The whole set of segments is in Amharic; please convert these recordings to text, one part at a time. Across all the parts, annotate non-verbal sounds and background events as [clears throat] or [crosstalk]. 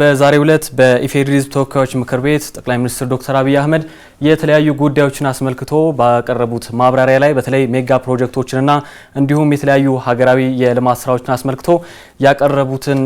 በዛሬው ዕለት በኢፌዴሪ ተወካዮች ምክር ቤት ጠቅላይ ሚኒስትር ዶክተር አብይ አህመድ የተለያዩ ጉዳዮችን አስመልክቶ ባቀረቡት ማብራሪያ ላይ በተለይ ሜጋ ፕሮጀክቶችንና እንዲሁም የተለያዩ ሀገራዊ የልማት ስራዎችን አስመልክቶ ያቀረቡትን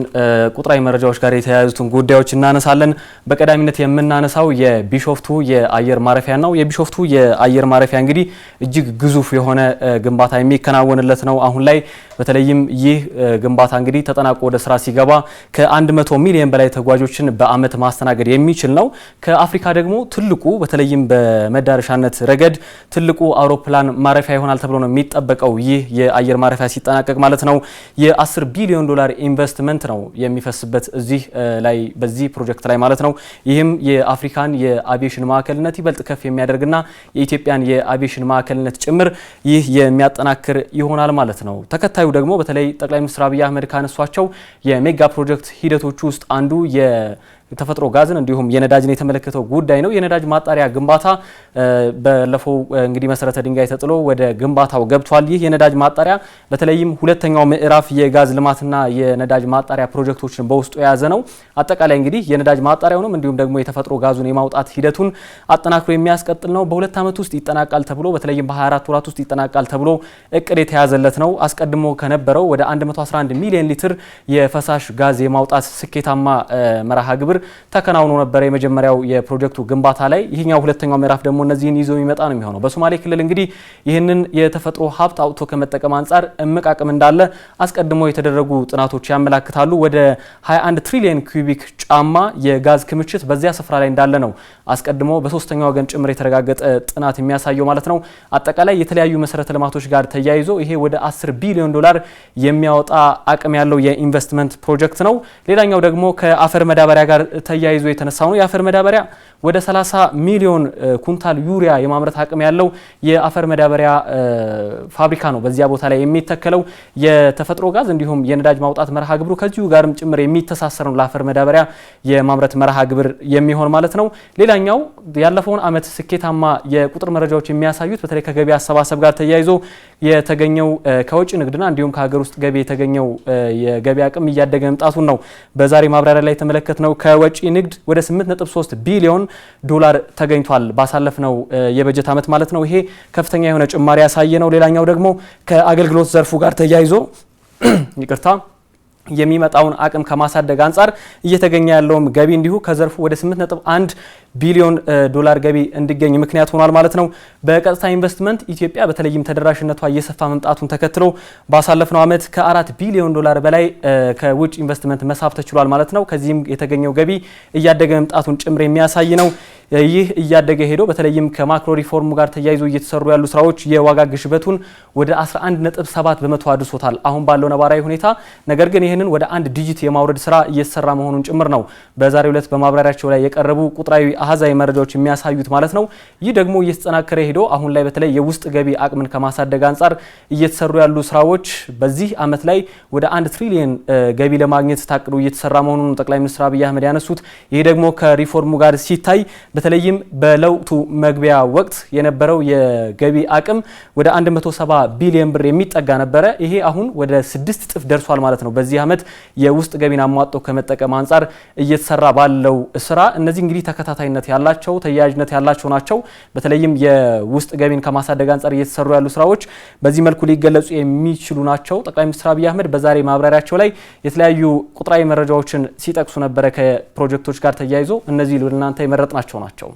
ቁጥራዊ መረጃዎች ጋር የተያያዙትን ጉዳዮች እናነሳለን። በቀዳሚነት የምናነሳው የቢሾፍቱ የአየር ማረፊያ ነው። የቢሾፍቱ የአየር ማረፊያ እንግዲህ እጅግ ግዙፍ የሆነ ግንባታ የሚከናወንለት ነው። አሁን ላይ በተለይም ይህ ግንባታ እንግዲህ ተጠናቆ ወደ ስራ ሲገባ ከ100 ሚሊዮን በላይ ተጓዦችን በአመት ማስተናገድ የሚችል ነው። ከአፍሪካ ደግሞ ትልቁ በተለይም በመዳረሻነት ረገድ ትልቁ አውሮፕላን ማረፊያ ይሆናል ተብሎ ነው የሚጠበቀው። ይህ የአየር ማረፊያ ሲጠናቀቅ ማለት ነው። የ10 ቢሊዮን ዶላር ኢንቨስትመንት ነው የሚፈስበት እዚህ ላይ በዚህ ፕሮጀክት ላይ ማለት ነው። ይህም የአፍሪካን የአቪዬሽን ማዕከልነት ይበልጥ ከፍ የሚያደርግና የኢትዮጵያን የአቪዬሽን ማዕከልነት ጭምር ይህ የሚያጠናክር ይሆናል ማለት ነው። ተከታዩ ደግሞ በተለይ ጠቅላይ ሚኒስትር አብይ አህመድ ካነሷቸው የሜጋ ፕሮጀክት ሂደቶች ውስጥ አንዱ የተፈጥሮ ጋዝን እንዲሁም የነዳጅን የተመለከተው ጉዳይ ነው። የነዳጅ ማጣሪያ ግንባታ ባለፈው እንግዲህ መሰረተ ድንጋይ ተጥሎ ወደ ግንባታው ገብቷል። ይህ የነዳጅ ማጣሪያ በተለይም ሁለተኛው ምዕራፍ የጋዝ ልማትና የነዳጅ ማጣሪያ ፕሮጀክቶችን በውስጡ የያዘ ነው። አጠቃላይ እንግዲህ የነዳጅ ማጣሪያውንም እንዲሁም ደግሞ የተፈጥሮ ጋዙን የማውጣት ሂደቱን አጠናክሮ የሚያስቀጥል ነው። በሁለት ዓመት ውስጥ ይጠናቃል ተብሎ በተለይም በ24 ወራት ውስጥ ይጠናቃል ተብሎ እቅድ የተያዘለት ነው። አስቀድሞ ከነበረው ወደ 111 ሚሊዮን ሊትር የፈሳሽ ጋዝ የማውጣት ስኬታማ መርሃ ግብር ግብር ተከናውኖ ነበረ የመጀመሪያው የፕሮጀክቱ ግንባታ ላይ። ይህኛው ሁለተኛው ምዕራፍ ደግሞ እነዚህን ይዞ የሚመጣ ነው የሚሆነው። በሶማሌ ክልል እንግዲህ ይህንን የተፈጥሮ ሀብት አውጥቶ ከመጠቀም አንጻር እምቅ አቅም እንዳለ አስቀድሞ የተደረጉ ጥናቶች ያመላክታሉ። ወደ 21 ትሪሊየን ኩቢክ ጫማ የጋዝ ክምችት በዚያ ስፍራ ላይ እንዳለ ነው አስቀድሞ በሶስተኛ ወገን ጭምር የተረጋገጠ ጥናት የሚያሳየው ማለት ነው። አጠቃላይ የተለያዩ መሰረተ ልማቶች ጋር ተያይዞ ይሄ ወደ 10 ቢሊዮን ዶላር የሚያወጣ አቅም ያለው የኢንቨስትመንት ፕሮጀክት ነው። ሌላኛው ደግሞ ከአፈር መዳበሪያ ጋር ተያይዞ የተነሳው ነው። የአፈር መዳበሪያ ወደ 30 ሚሊዮን ኩንታል ዩሪያ የማምረት አቅም ያለው የአፈር መዳበሪያ ፋብሪካ ነው በዚያ ቦታ ላይ የሚተከለው። የተፈጥሮ ጋዝ እንዲሁም የነዳጅ ማውጣት መርሃ ግብሩ ከዚሁ ጋርም ጭምር የሚተሳሰር ነው ለአፈር መዳበሪያ የማምረት መርሃ ግብር የሚሆን ማለት ነው። ሌላኛው ያለፈውን አመት ስኬታማ የቁጥር መረጃዎች የሚያሳዩት በተለይ ከገቢ አሰባሰብ ጋር ተያይዞ የተገኘው ከውጭ ንግድና እንዲሁም ከሀገር ውስጥ ገቢ የተገኘው የገቢ አቅም እያደገ መምጣቱን ነው በዛሬ ማብራሪያ ላይ ነው ከወጪ ንግድ ወደ 8.3 ቢሊዮን ዶላር ተገኝቷል ባሳለፍነው የበጀት ዓመት ማለት ነው። ይሄ ከፍተኛ የሆነ ጭማሪ ያሳየ ነው። ሌላኛው ደግሞ ከአገልግሎት ዘርፉ ጋር ተያይዞ [clears throat] ይቅርታ የሚመጣውን አቅም ከማሳደግ አንጻር እየተገኘ ያለውም ገቢ እንዲሁ ከዘርፉ ወደ 8.1 ቢሊዮን ዶላር ገቢ እንዲገኝ ምክንያት ሆኗል ማለት ነው። በቀጥታ ኢንቨስትመንት ኢትዮጵያ በተለይም ተደራሽነቷ እየሰፋ መምጣቱን ተከትሎ ባሳለፍነው ዓመት ከአራት ቢሊዮን ዶላር በላይ ከውጭ ኢንቨስትመንት መሳብ ተችሏል ማለት ነው። ከዚህም የተገኘው ገቢ እያደገ መምጣቱን ጭምር የሚያሳይ ነው። ይህ እያደገ ሄዶ በተለይም ከማክሮ ሪፎርሙ ጋር ተያይዞ እየተሰሩ ያሉ ስራዎች የዋጋ ግሽበቱን ወደ 11.7 በመቶ አድርሶታል አሁን ባለው ነባራዊ ሁኔታ። ነገር ግን ይህንን ወደ አንድ ዲጂት የማውረድ ስራ እየተሰራ መሆኑን ጭምር ነው በዛሬው ዕለት በማብራሪያቸው ላይ የቀረቡ ቁጥራዊ አሃዛዊ መረጃዎች የሚያሳዩት ማለት ነው። ይህ ደግሞ እየተጠናከረ ሄዶ አሁን ላይ በተለይ የውስጥ ገቢ አቅምን ከማሳደግ አንጻር እየተሰሩ ያሉ ስራዎች በዚህ ዓመት ላይ ወደ አንድ ትሪሊየን ገቢ ለማግኘት ታቅዶ እየተሰራ መሆኑን ጠቅላይ ሚኒስትር አብይ አህመድ ያነሱት። ይህ ደግሞ ከሪፎርሙ ጋር ሲታይ በተለይም በለውጡ መግቢያ ወቅት የነበረው የገቢ አቅም ወደ 170 ቢሊዮን ብር የሚጠጋ ነበረ። ይሄ አሁን ወደ ስድስት እጥፍ ደርሷል ማለት ነው። በዚህ አመት የውስጥ ገቢን አሟጦ ከመጠቀም አንጻር እየተሰራ ባለው ስራ እነዚህ እንግዲህ ተከታታይ ተመሳሳይነት ያላቸው ተያያዥነት ያላቸው ናቸው። በተለይም የውስጥ ገቢን ከማሳደግ አንጻር እየተሰሩ ያሉ ስራዎች በዚህ መልኩ ሊገለጹ የሚችሉ ናቸው። ጠቅላይ ሚኒስትር አብይ አህመድ በዛሬ ማብራሪያቸው ላይ የተለያዩ ቁጥራዊ መረጃዎችን ሲጠቅሱ ነበረ ከፕሮጀክቶች ጋር ተያይዞ እነዚህ ለእናንተ የመረጥናቸው ናቸው።